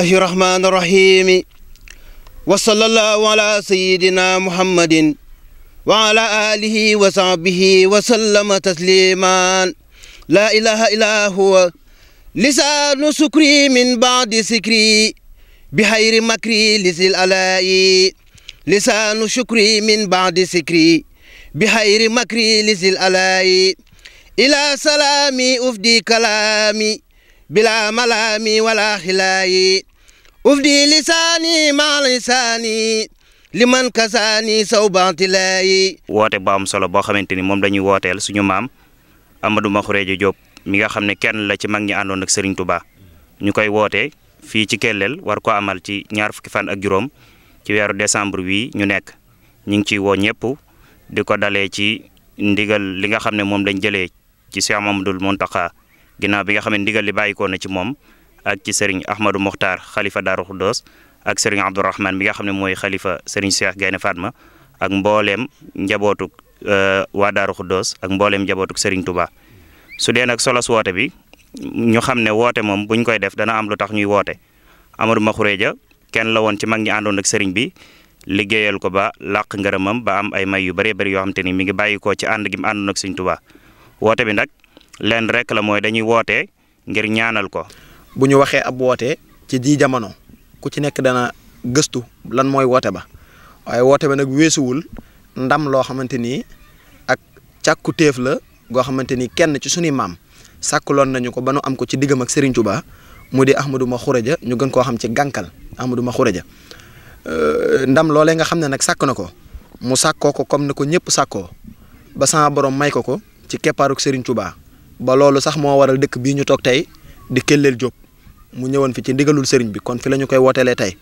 الله الرحمن الرحيم وصلى الله على سيدنا محمد وعلى آله وصحبه وسلم تسليما لا إله إلا هو لسان سكري من بعد سكري بحير مكري لذي الألاء لسان شكري من بعد سكري بحير مكري لذي الألاء إلى سلامي أفدي كلامي بلا ملامي ولا خلائي li ufdi lisaani li man liman kasaani saw bantilaayi woote bu am solo boo xamante ni moom dañuy wooteel suñu maam Amadou Makhouredia Diop mi nga xam ne kenn la ci mag ñi àndoon ak Serigne Touba ñu koy woote fii ci Kellel war ko amal ci ñaar fukki fan ak juróom ci weeru décembre wii ñu nekk ñu ngi ciy woo ñëpp di ko dalee ci ndigal li nga xam ne moom lañ jëlee ci Cheikh Mamadou Mountakha ginnaaw bi nga xam ne ndigal li bàyyikoo na ci moom ak ci sëriñ ahmadu Mokhtar xalifa Darou Khoudoss ak sëriñ Abdourahman mi nga xam ne mooy xalifa sëriñ Cheikh Gaynde Fatma ak mbooleem njabootuk euh, waa Darou Khoudoss ak mbooleem njabootuk sëriñ Touba su dee nag solos woote bi ñu xam ne woote moom buñ koy def dana am lu tax ñuy woote Amadou ja kenn la woon ci mag ñi àndoon ak sëriñ bi liggéeyal ko ba làq ngërëmam ba am ay may yu bëree bëri yoo xam te ni mu ngi bàyyi ko ci ànd gi mu àndoon ak sëriñ Touba bi nag leen rek la mooy dañuy woote ngir ñaanal ko bu ñu waxee ab woote ci ji jamono ku ci nekk dana gëstu lan ba waaye woote ba nag weesuwul ndam loo xamante ak càkku téef la goo xamante ni kenn ci suñuy maam nañu ko am ko ci diggam ak Serigne Touba mu di Ahmadou ma Xureja ñu gën koo xam ci Ahmadou euh, ndam loolee nga hamna ne na ko mu sàkkoo ko comme ni ko ñëpp ba sama borom may ko ko ci keppaaruk Serigne Touba ba loolu sax moo waral ñu di Kelleel Diop mu ñëwoon fi ci ndigalul sëriñ bi kon fi la ñu koy wooteelee tey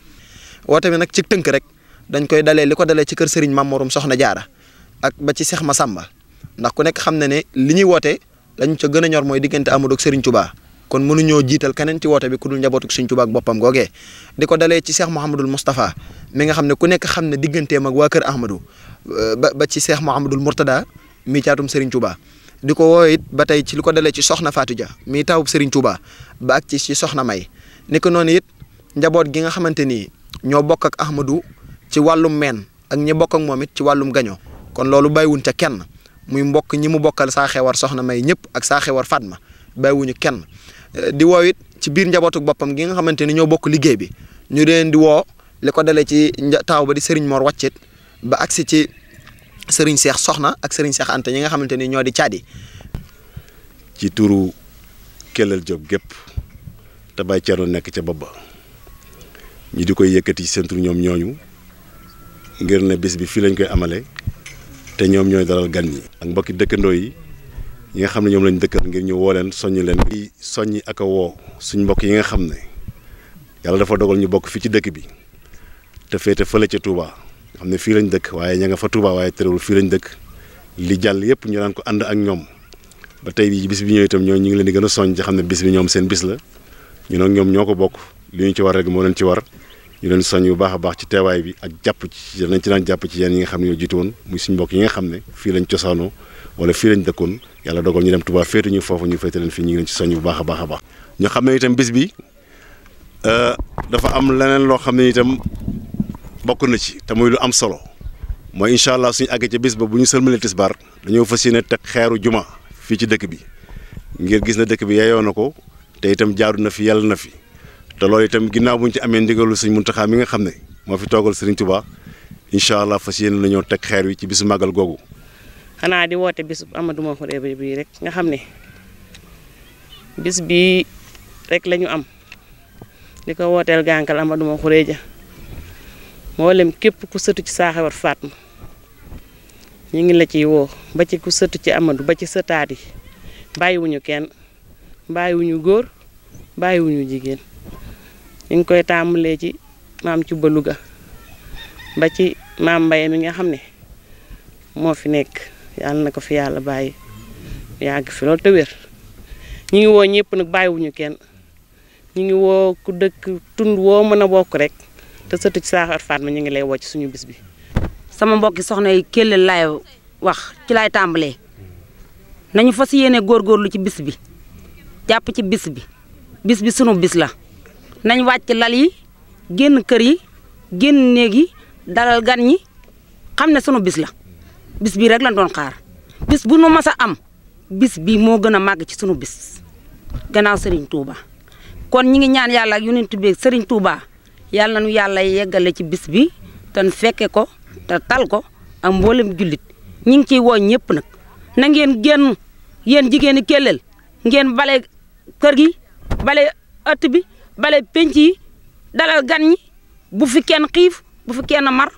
woote bi nag ci tënk rek dañ koy dalee li ko dalee ci kër sëriñ Mamorum Soxna Jaara ak ba ci Seex Masamba ndax ku nekk xam na ne li ñuy woote lañu ca gën a ñor mooy diggante Amadou ak sëriñ Touba kon mënuñoo jiital keneen ci woote bi ku dul njabootuk sëriñ Touba ak boppam googee di ko dalee ci Seex Mouhamadul Moustapha mi nga xam ne ku nekk xam ne digganteem ak waa kër Ahmadou eh, ba ba ci Seex Mouhamadul Mourtada mi caatum sëriñ Touba di ko woowe ba tey ci li ko dalee ci soxna Fatou Dia mii tawub Serigne Touba ba ak ci ci soxna May ni ko noonu it njaboot gi nga xamante ni ñoo bokk ak Ahmadou ci wàllum meen ak ñi bokk ak moom it ci wàllum gaño kon loolu bàyyiwuñ ca kenn muy mbokk ñi mu bokkal saa xewar soxna May ñëpp ak saa xewar Fatma bàyyiwuñu kenn eh, di woo ci biir njabootu boppam gi nga xamante ni ñoo bokk liggéey bi ñu leen di woo li ko dalee ci taaw ba di Serigne Mor wàccit ba agsi ci sëriñ seex soxna ak sëriñ seex anta ñi nga xamante ni ñoo di caadi ci turu Kelel Diop gépp te Baye Thierno nekk ca bopp ba di koy yëkkati seen tur ñoom ñooñu ngir ne bis bi fii lañ koy amale te ñoom ñooy dalal gan ñi ak mbokki dëkkandoo yi yi nga xam ne lañ dëkkal ngir ñu woo leen soññ leen i soññi ak a woo suñ mbokk yi nga xam ne yàlla dafa dogal ñu bokk fii ci dëkk bi te féete fële ca Touba xam ne fii lañ dëkk waaye ña nga fa Touba waaye terewul fii lañ dëkk li jàll yëpp ñu daan ko ànd ak ñoom ba tey bi bis bi ñëw itam ñoo ñu ngi leen di gën a soññ ci xam ne bis bi ñoom seen bis la ñu nag ñoo ko bokk li ñu ci war rek moo leen ci war ñu leen soñ bu baax a baax ci teewaay bi ak jàpp ci nañ ci daan jàpp ci yéen yi nga xam ne ñoo jiitu woon muy suñ mbokk yi nga xam ne fii lañ cosaanoo wala fii lañ dëkkoon yàlla dogal ñu dem tubaa féete ñu foofu ñu féete leen fii ñu ngi leen ci soñ bu baax a baax a baax xam ne itam bis bi euh, dafa am leneen loo xam ne itam bokk na ci te muy lu am solo mooy incha allah suñu àggee ca bis ba bu ñu sëlmalee tisbaar dañoo fas yéene teg xeeru juma fii ci dëkk bi ngir gis na dëkk bi yeyoo na ko te itam jaaru na fi yàlla na fi te loolu itam ginnaaw bu ñu ci amee ndigalu suñ muntaxaa mi nga xam ne moo fi toogal Serigne Touba incha allah fas yéene nañoo teg xeer wi ci bisu màggal googu. xanaa di woote bisu Amadou Mahmoud bii rek nga xam ne bis bii rek lañu am di ko wooteel gànkal Amadou Mahmoud mboolem képp ku sëtu ci Saxewar Fatma ñu ngi la ciy woo ba ci ku sëtu ci Amadou ba ci sëtaat yi bàyyiwuñu kenn bàyyiwuñu góor bàyyiwuñu jigéen ñi ngi koy tàmbalee ci maam ci baluga ba ci maam Mbaye mi nga xam ne moo fi nekk yàlla na ko fi yàlla bàyyi yàgg fi loolu te wér ñu ngi woo ñëpp nag bàyyiwuñu kenn ñu ngi woo ku dëkk tund woo mën a bokk rek te sëtu ci saaxar Fatma ñu ngi lay woo suñu bis bi. sama mbokki soxna yi Kell laay wax ci laay tàmbalee nañu fas yéene góorgóorlu ci bis bi jàpp ci bis bi bis bi sunu bis la nañu wàcc lal yi génn kër yi génn néeg yi dalal gan ñi xam na sunu bis la bis bi rek lañ doon xaar bis bu nu mas a am bis bi moo gën a màgg ci sunu bis gannaaw sëriñ Touba kon ñi ngi ñaan yàlla ak yonent bi Serigne Touba. yàlla na nu yàlla yeggale ci bis bi te nu fekke ko te tal ko am mboolem jullit ñi ngi ciy woo ñëpp nag na ngeen génn yéen jigéen ñi Kelel ngeen bale kër gi bale ëtt bi bale pénc yi dalal gan ñi bu fi kenn xiif bu fi kenn mar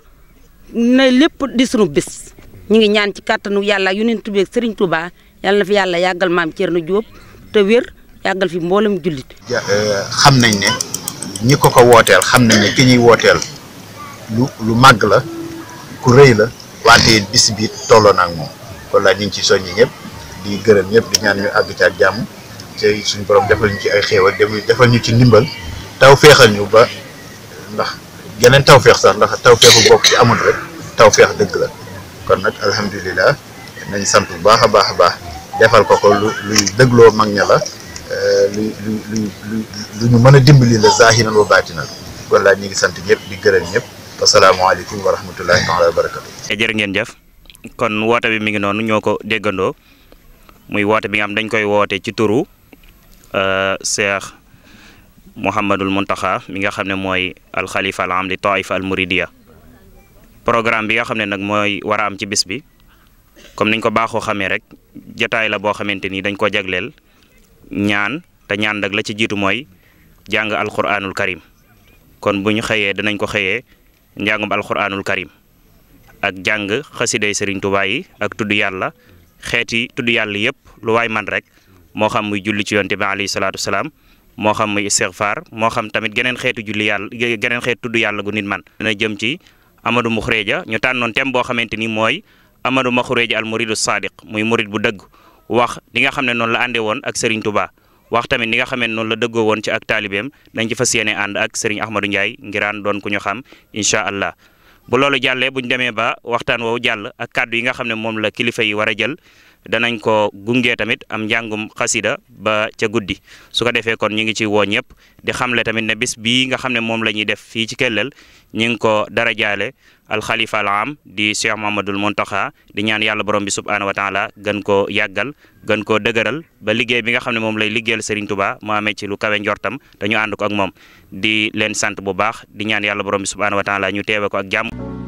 na lépp di sunu bis ñu ngi ñaan ci kàttanu yàlla yu neen tubeeg Serigne Touba yàlla na fi yàlla yàggal maam Thierno Diop te wér yàggal fi mboolem jullit. Eh, xam nañ ne. ñi ko ko wotel xamna ni ki ñi wotel lu lu mag la ku reey la wante bis bi tolo nak moom ko la ñi ci soññi ñep di gëreem ñep di ñaan ñu ag ci ak jamm ci suñu borom defal ñu ci ay xéewal defal ñu ci nimbal taw feexal ñu ba ndax geneen taw feex sax ndax taw feexu bokk ci amul rek taw feex deug la kon nak alhamdullilah nañ sant bu baaxa baaxa baax defal ko ko lu deglo mag ñala lu lu lu lu ñu mën a dimbali la zahiran wa baatinan kon laa ñu ngi sant ñëpp di gërëm ñëpp asalaamaaleykum wa eh, ngeen jëf kon woote bi mi ngi noonu ñoo ko déggandoo muy woote bi xam dañ koy woote ci turu euh, Cheikh Mouhamadul Mountakha mi nga xam ne mooy alxalifa al am li taifa al programme bi nga xam ne nag mooy war am ci bis bi comme niñ ko baaxoo xamee rek jataay la boo xamante ni dañ ko jagleel ñaan te ñaan la ci jiitu mooy jàng alquranul karim kon bu ñu xëyee danañ ko xëyee njàngum alquranul karim ak jàng xasiday sëriñ Tuubaa yi ak tudd yàlla xeeti tudd yàlla yëpp lu waay man rek moo xam muy julli ci yonte bi alayhi salaatu salaam moo xam muy istighfar moo xam tamit geneen xeetu julli yàlla geneen xeetu tudd yàlla gu nit man dana jëm ci Amadou Mukhreja ñu tànnoon thème boo xamante ni mooy Amadou Mukhreja al muridu sadiq muy murid bu dëgg wax li nga xam ne noonu la àndee woon ak sëriñ Tuubaa wax tamit ni nga xamé non la deggo won ci ak talibem dañ ci fas and ak Serigne Ahmadou ngir an doon ku ñu xam allah bu lolu jàllee buñ démé ba waxtaan wo jall ak kaddu yi nga xamné mom la kilifa yi wara jël danañ ko gungé tamit am jangum khasida ba ca guddi su ko défé kon ñi ngi ci wo ñep di xamlé tamit né bis bi nga xamné mom lañuy def fi ci kellel ñi ngi ko dara al khalifa al am di Cheikh Mamadul Montaxa di ñaan yalla borom bi subhanahu wa taala gën ko yagal gën koo dëgëral ba liggéey bi nga xam ne moom lay liggéeyal Serigne Touba ma amee ci lu kawe njortam dañu ànd ko ak moom di leen sant bu baax di ñaan yàlla borom bi subhaanahu wa taala ñu teewe ko ak jàmm